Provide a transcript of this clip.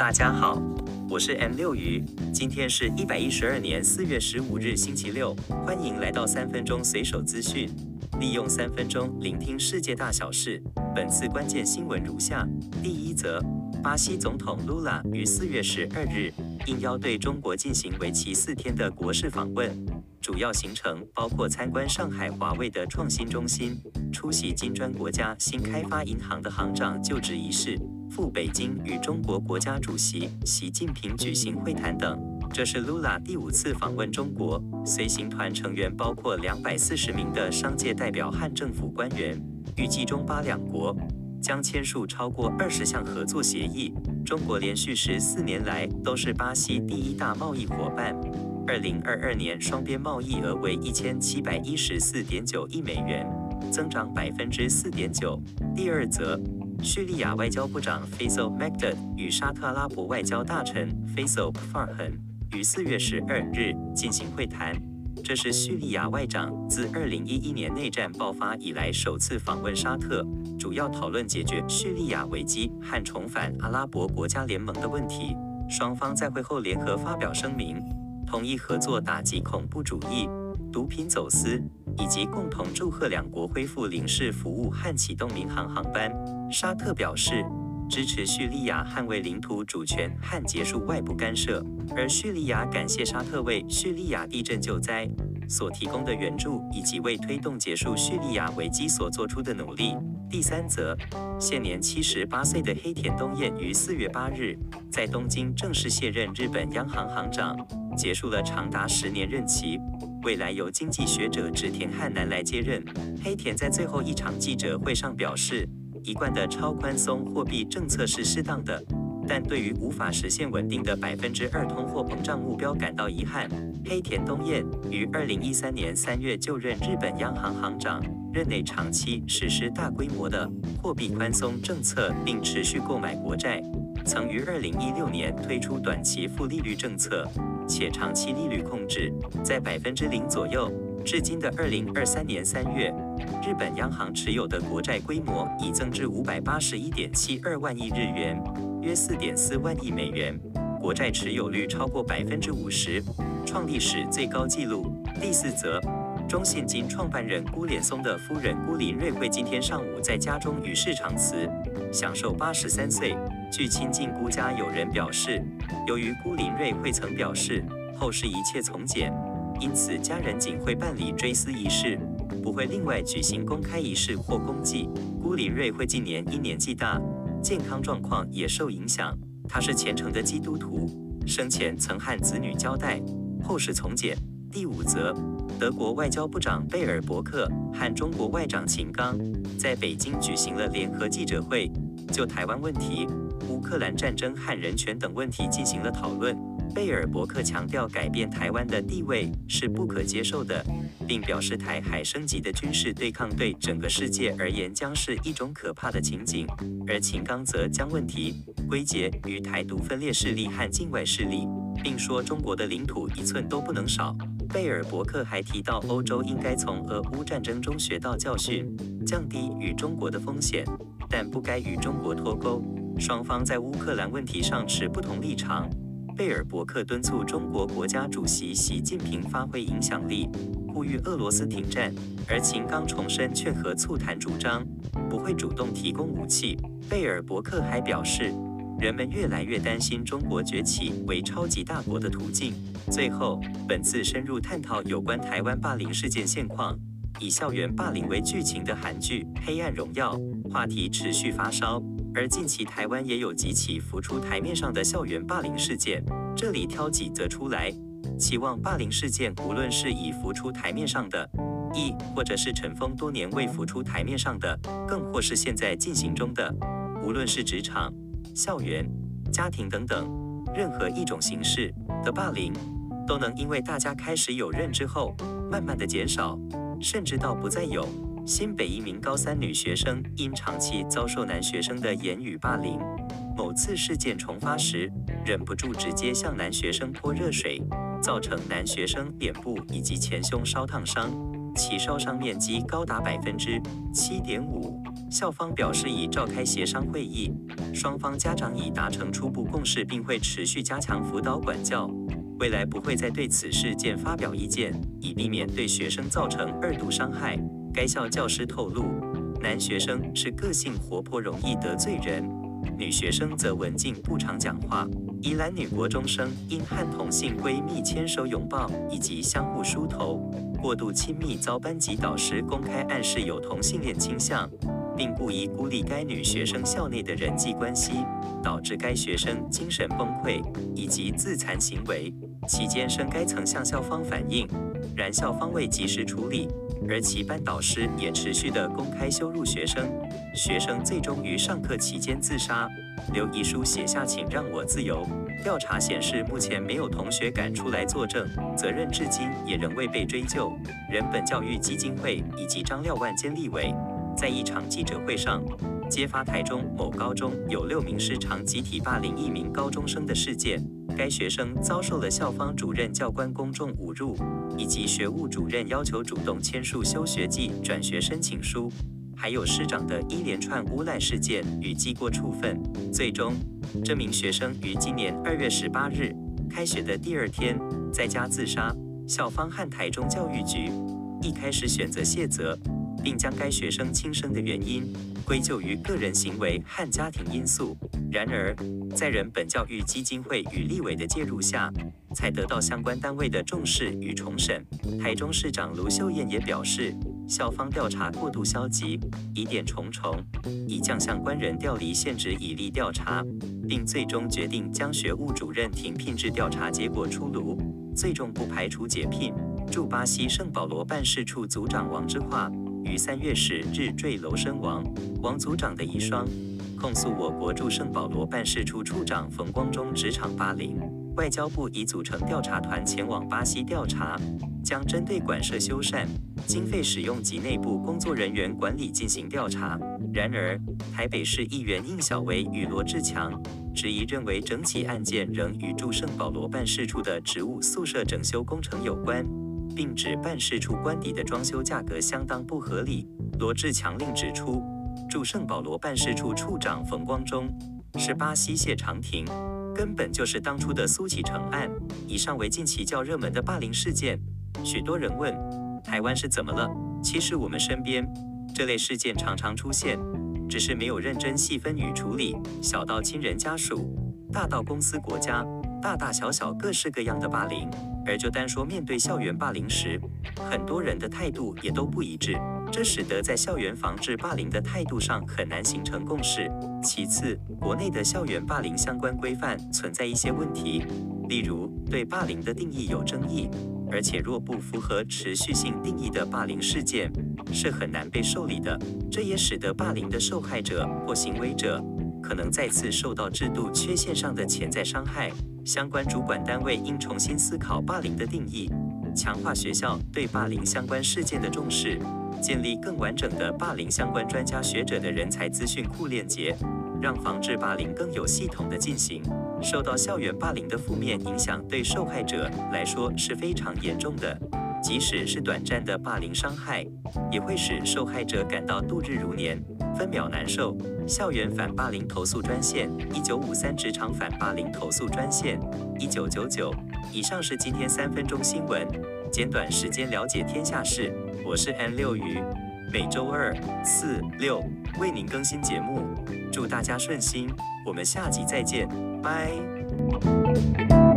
大家好，我是 M 六魚，今天是一百一十二年四月十五日星期六，歡迎來到三分鐘隨手資訊，利用三分鐘聆聽世界大小事。本次關鍵新聞如下：第一則，巴西總統盧拉於四月十二日應邀對中國進行為期四天的國事訪問，主要行程包括參觀上海華為的創新中心，出席金磚國家新開發銀行的行長就職儀式。赴北京與中國國家主席習近平舉行會談等。這是盧拉第五次訪問中國，隨行團成員包括兩百四十名的商界代表和政府官員。預計中巴兩國將簽署超過二十項合作協議。中國連續十四年來都是巴西第一大貿易夥伴，二零二二年雙邊貿易額為一千七百一十四點九億美元，增長百分之四點九。第二則。敘利亞外交部長 Faisal Mekdad 與沙特阿拉伯外交大臣 Faisal Farhan 於四月十二日進行會談。這是敘利亞外長自二零一一年內戰爆發以來首次訪問沙特，主要討論解決敘利亞危機和重返阿拉伯國家聯盟的問題。雙方在會後聯合發表聲明，同意合作打擊恐怖主義、毒品走私，以及共同祝賀兩國恢復領事服務和啟動民航航班。沙特表示支持敘利亞捍衛領土主權和結束外部干涉，而敘利亞感謝沙特為敘利亞地震救災所提供的援助，以及為推動結束敘利亞危機所做出的努力。第三則，現年七十八歲的黑田東彥於四月八日在東京正式卸任日本央行行長，結束了長達十年任期，未來由經濟學者植田和男來接任。黑田在最後一場記者會上表示。一貫的超寬鬆貨幣政策是適當的，但對於無法實現穩定的百分之二通貨膨脹目標感到遺憾。黑田東彥於二零一三年三月就任日本央行行長，任內長期實施大規模的貨幣寬鬆政策，並持續購買國債，曾於二零一六年推出短期負利率政策，且長期利率控制在百分之零左右。至今的二零二三年三月，日本央行持有的國債規模已增至五百八十一點七二萬億日元，約四點四萬億美元，國債持有率超過百分之五十，創歷史最高紀錄。第四則，中信金創辦人辜濂松的夫人辜林瑞慧今天上午在家中與世長辭，享壽八十三歲。據親近辜家友人表示，由於辜林瑞慧曾表示後事一切從簡。因此，家人僅會辦理追思儀式，不會另外舉行公開儀式或公祭。辜林瑞惠近年因年紀大，健康狀況也受影響。他是虔誠的基督徒，生前曾和子女交代，後事從簡。第五則，德國外交部長貝爾伯克和中國外長秦剛在北京舉行了聯合記者會，就台灣問題、烏克蘭戰爭和人權等問題進行了討論。貝爾伯克強調，改變台灣的地位是不可接受的，並表示台海升級的軍事對抗對整個世界而言將是一種可怕的情景。而秦剛則將問題歸結於台獨分裂勢力和境外勢力，並說中國的領土一寸都不能少。貝爾伯克還提到，歐洲應該從俄烏戰爭中學到教訓，降低與中國的風險，但不該與中國脫鈎。雙方在烏克蘭問題上持不同立場。貝爾伯克敦促中國國家主席習近平發揮影響力，呼籲俄羅斯停戰，而秦剛重申勸和促談主張，不會主動提供武器。貝爾伯克還表示，人們越來越擔心中國崛起為超級大國的途徑。最後，本次深入探討有關台灣霸凌事件現況，以校園霸凌為劇情的韓劇《黑暗榮耀》話題持續發燒。而近期台灣也有幾起浮出台面上的校園霸凌事件，這裡挑幾則出來，期望霸凌事件無論是已浮出台面上的，亦或者是塵封多年未浮出台面上的，更或是現在進行中的，無論是職場、校園、家庭等等，任何一種形式的霸凌，都能因為大家開始有認知後，慢慢的減少，甚至到不再有。新北一名高三女學生因長期遭受男學生的言語霸凌，某次事件重發時，忍不住直接向男學生潑熱水，造成男學生臉部以及前胸燒燙傷，其燒傷面積高達百分之七點五。校方表示已召開協商會議，雙方家長已達成初步共識，並會持續加強輔導管教，未來不會再對此事件發表意見，以避免對學生造成二度傷害。該校教師透露，男學生是個性活潑，容易得罪人；女學生則文靜，不常講話。宜蘭女國中生因和同性閨蜜牽手、擁抱以及相互梳頭，過度親密，遭班級導師公開暗示有同性戀傾向。並故意孤立該女學生校內的人際關係，導致該學生精神崩潰以及自殘行為。其間，生該曾向校方反映，然校方未及時處理，而其班導師也持續地公開羞辱學生。學生最終於上課期間自殺，留遺書寫下“請讓我自由”。調查顯示，目前沒有同學敢出來作證，責任至今也仍未被追究。人本教育基金會以及張廖萬堅立委。在一場記者會上，揭發台中某高中有六名師長集體霸凌一名高中生的事件。該學生遭受了校方主任教官公眾侮辱，以及學務主任要求主動簽署休學季轉學申請書，還有師長的一連串誣賴事件與記過處分。最終，這名學生於今年二月十八日開學的第二天在家自殺。校方和台中教育局一開始選擇卸責。並將該學生輕生的原因歸咎於個人行為和家庭因素。然而，在人本教育基金會與立委的介入下，才得到相關單位的重視與重審。台中市長盧秀燕也表示，校方調查過度消極，疑點重重，已將相關人調離現職以利調查，並最終決定將學務主任停聘。至調查結果出爐，最終不排除解聘。駐巴西聖保羅辦事處組組長王之化。於三月十日墜樓身亡。王組長的遺孀控訴我國駐聖保羅辦事處處長馮光中職場霸凌。外交部已組成調查團前往巴西調查，將針對館舍修繕、經費使用及內部工作人員管理進行調查。然而，台北市議員應曉薇與羅智強質疑認為，整起案件仍與駐聖保羅辦事處的職務宿舍整修工程有關。並指辦事處官邸的裝修價格相當不合理。羅志強另指出，駐聖保羅辦事處處處長馮光中是巴西謝長廷，根本就是當初的蘇啟誠案。以上為近期較熱門的霸凌事件。許多人問，台灣是怎麼了？其實我們身邊這類事件常常出現，只是沒有認真細分與處理。小到親人家屬，大到公司、國家，大大小小各式各樣的霸凌。而就單說面對校園霸凌時，很多人的態度也都不一致，這使得在校園防治霸凌的態度上很難形成共識。其次，國內的校園霸凌相關規範存在一些問題，例如對霸凌的定義有爭議，而且若不符合持續性定義的霸凌事件，是很難被受理的。這也使得霸凌的受害者或行為者，可能再次受到制度缺陷上的潛在傷害，相關主管單位應重新思考霸凌的定義，強化學校對霸凌相關事件的重視，建立更完整的霸凌相關專家學者的人才資訊庫鏈接，讓防治霸凌更有系統的進行。受到校園霸凌的負面影響，對受害者來說是非常嚴重的。即使是短暫的霸凌傷害，也會使受害者感到度日如年、分秒難受。校園反霸凌投訴專線：一九五三；職場反霸凌投訴專線：一九九九。以上是今天三分鐘新聞，簡短時間了解天下事。我是 N 六魚，每周二、四、六為您更新節目。祝大家順心，我們下集再見，拜。